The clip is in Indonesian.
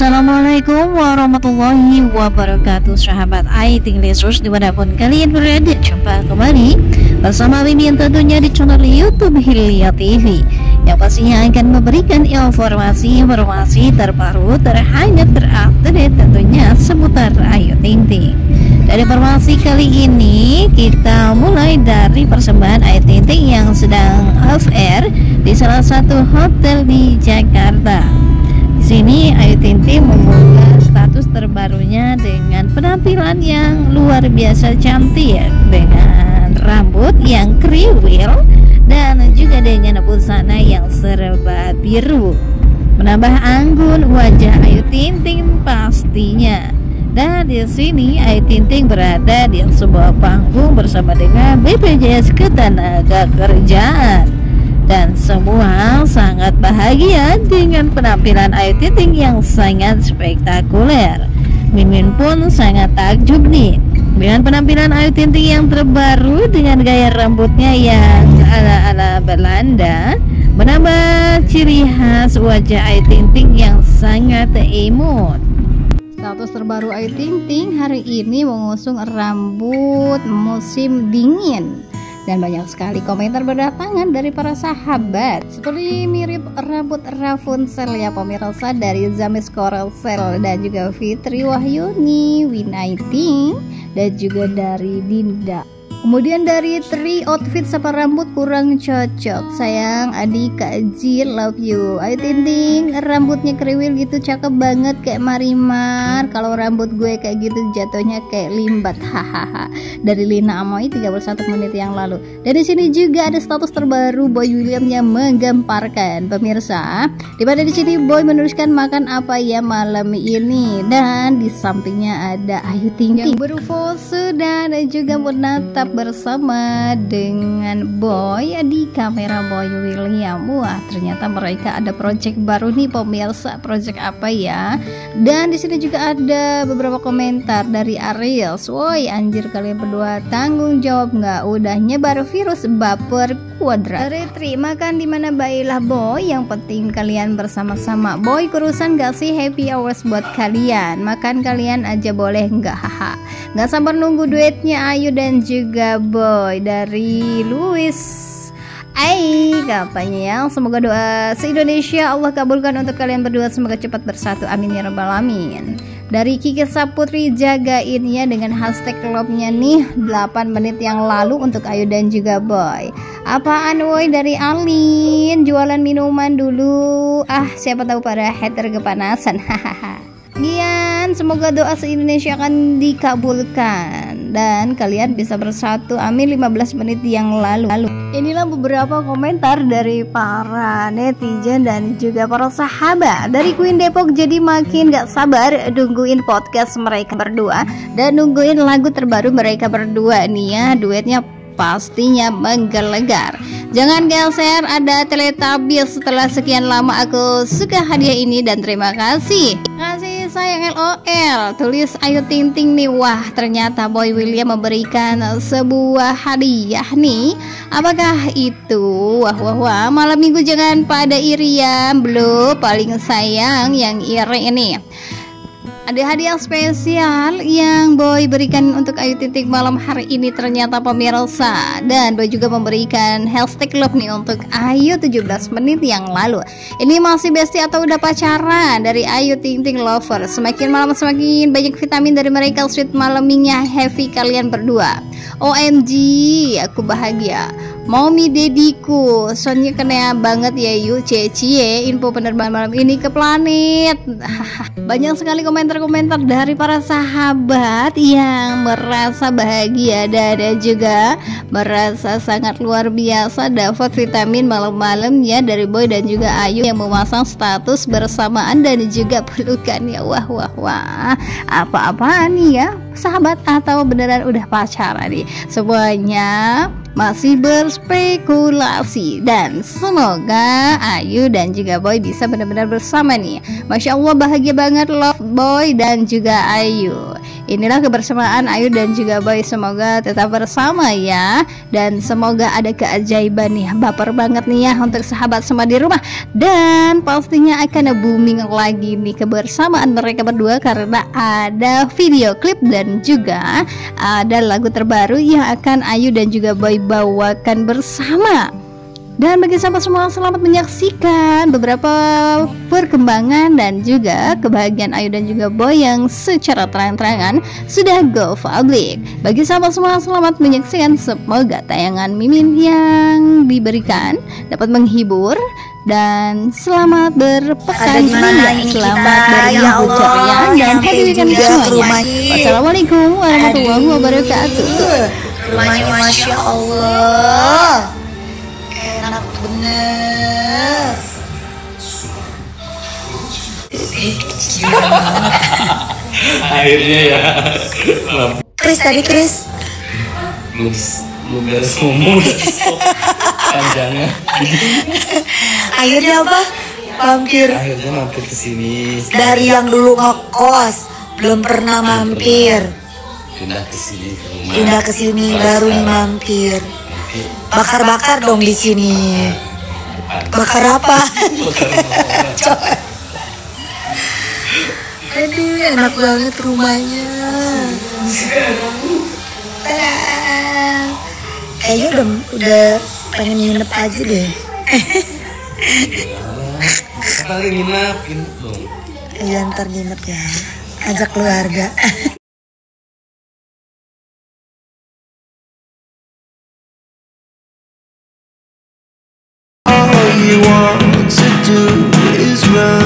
Assalamualaikum warahmatullahi wabarakatuh Sahabat IT Lesus dimanapun kalian berada Jumpa kembali bersama Mimin tentunya di channel Youtube Hilya TV Yang pastinya akan memberikan informasi-informasi terbaru terhangat terupdate tentunya seputar Ayu Ting Ting dari informasi kali ini kita mulai dari persembahan Ayu Ting Ting yang sedang off air di salah satu hotel di Jakarta. Di sini Ayu Ting Siti mengunggah status terbarunya dengan penampilan yang luar biasa cantik ya. dengan rambut yang kriwil dan juga dengan busana yang serba biru menambah anggun wajah Ayu Ting Ting pastinya dan di sini Ayu Ting Ting berada di sebuah panggung bersama dengan BPJS Ketenaga Kerjaan dan semua sangat bahagia dengan penampilan Ayu Titing yang sangat spektakuler. Mimin pun sangat takjub nih dengan penampilan Ayu Titing yang terbaru dengan gaya rambutnya yang ala-ala Belanda menambah ciri khas wajah Ayu Titing yang sangat imut. Status terbaru Ayu Ting Ting hari ini mengusung rambut musim dingin dan banyak sekali komentar berdatangan dari para sahabat seperti mirip rambut Rapunzel ya pemirsa dari Zamis Coralsel dan juga Fitri Wahyuni, Winaiting dan juga dari Dinda Kemudian dari tri outfit sapa rambut kurang cocok. Sayang, adik Kak Jil love you. Ayo Tinting, rambutnya kriwil gitu cakep banget kayak Marimar. Kalau rambut gue kayak gitu jatuhnya kayak limbat. Hahaha. dari Lina Amoy 31 menit yang lalu. Dari sini juga ada status terbaru Boy William yang menggemparkan pemirsa. Di di sini Boy meneruskan makan apa ya malam ini dan di sampingnya ada Ayu Tinting yang berpose dan juga menatap bersama dengan Boy di kamera Boy William wah ternyata mereka ada project baru nih pemirsa project apa ya dan di sini juga ada beberapa komentar dari Ariel woi anjir kalian berdua tanggung jawab nggak udah nyebar virus baper kuadrat retri makan di mana baiklah Boy yang penting kalian bersama-sama Boy kurusan gak sih happy hours buat kalian makan kalian aja boleh nggak haha Gak sabar nunggu duetnya Ayu dan juga Boy dari Louis Hai katanya ya. semoga doa se-Indonesia Allah kabulkan untuk kalian berdua semoga cepat bersatu amin ya rabbal alamin dari Kiki Saputri jagain ya dengan hashtag love nya nih 8 menit yang lalu untuk Ayu dan juga Boy apaan woi dari Alin jualan minuman dulu ah siapa tahu pada hater kepanasan hahaha iya Amin. Semoga doa se-Indonesia akan dikabulkan dan kalian bisa bersatu. Amin 15 menit yang lalu. lalu. Inilah beberapa komentar dari para netizen dan juga para sahabat dari Queen Depok jadi makin gak sabar nungguin podcast mereka berdua dan nungguin lagu terbaru mereka berdua nih ya duetnya pastinya menggelegar. Jangan geser ada Teletubbies setelah sekian lama aku suka hadiah ini dan terima kasih sayang LOL Tulis Ayu Ting Ting nih Wah ternyata Boy William memberikan sebuah hadiah nih Apakah itu? Wah wah wah malam minggu jangan pada iri ya Belum paling sayang yang iri ini ada hadiah spesial yang Boy berikan untuk Ayu Titik malam hari ini ternyata pemirsa Dan Boy juga memberikan hashtag love nih untuk Ayu 17 menit yang lalu Ini masih bestie atau udah pacaran dari Ayu Ting Lover Semakin malam semakin banyak vitamin dari mereka Sweet malamingnya heavy kalian berdua OMG aku bahagia Mommy Dediku Soalnya kena banget ya yuk Cie-cie info penerbangan malam ini ke planet Banyak sekali komentar-komentar dari para sahabat Yang merasa bahagia Dan juga merasa sangat luar biasa Dapat vitamin malam-malam ya Dari Boy dan juga Ayu Yang memasang status bersamaan Dan juga pelukan ya Wah wah wah Apa-apaan nih ya Sahabat atau beneran udah pacaran nih Semuanya masih berspekulasi dan semoga Ayu dan juga Boy bisa benar-benar bersama nih Masya Allah bahagia banget love Boy dan juga Ayu Inilah kebersamaan Ayu dan juga Boy Semoga tetap bersama ya Dan semoga ada keajaiban nih Baper banget nih ya untuk sahabat semua di rumah Dan pastinya akan booming lagi nih kebersamaan mereka berdua Karena ada video klip dan juga ada lagu terbaru yang akan Ayu dan juga Boy bawakan bersama dan bagi sahabat semua selamat menyaksikan beberapa perkembangan dan juga kebahagiaan Ayu dan juga Boy yang secara terang-terangan sudah go public. Bagi sahabat semua selamat menyaksikan semoga tayangan Mimin yang diberikan dapat menghibur dan selamat berpekan minggu, selamat berbuka ya dan happy weekend semuanya. Wassalamualaikum warahmatullahi wabarakatuh. Rumahnya Masya Allah akhirnya ya Chris tadi Chris belum belum beres ngomong panjangnya akhirnya apa mampir akhirnya mampir ke sini dari yang dulu ngekos belum pernah mampir pindah ke sini pindah ke sini baru mampir bakar-bakar dong di sini bakar apa aduh enak banget rumahnya kayaknya udah udah pengen nginep aja deh ntar nginep dong iya ntar nginep ya ajak keluarga is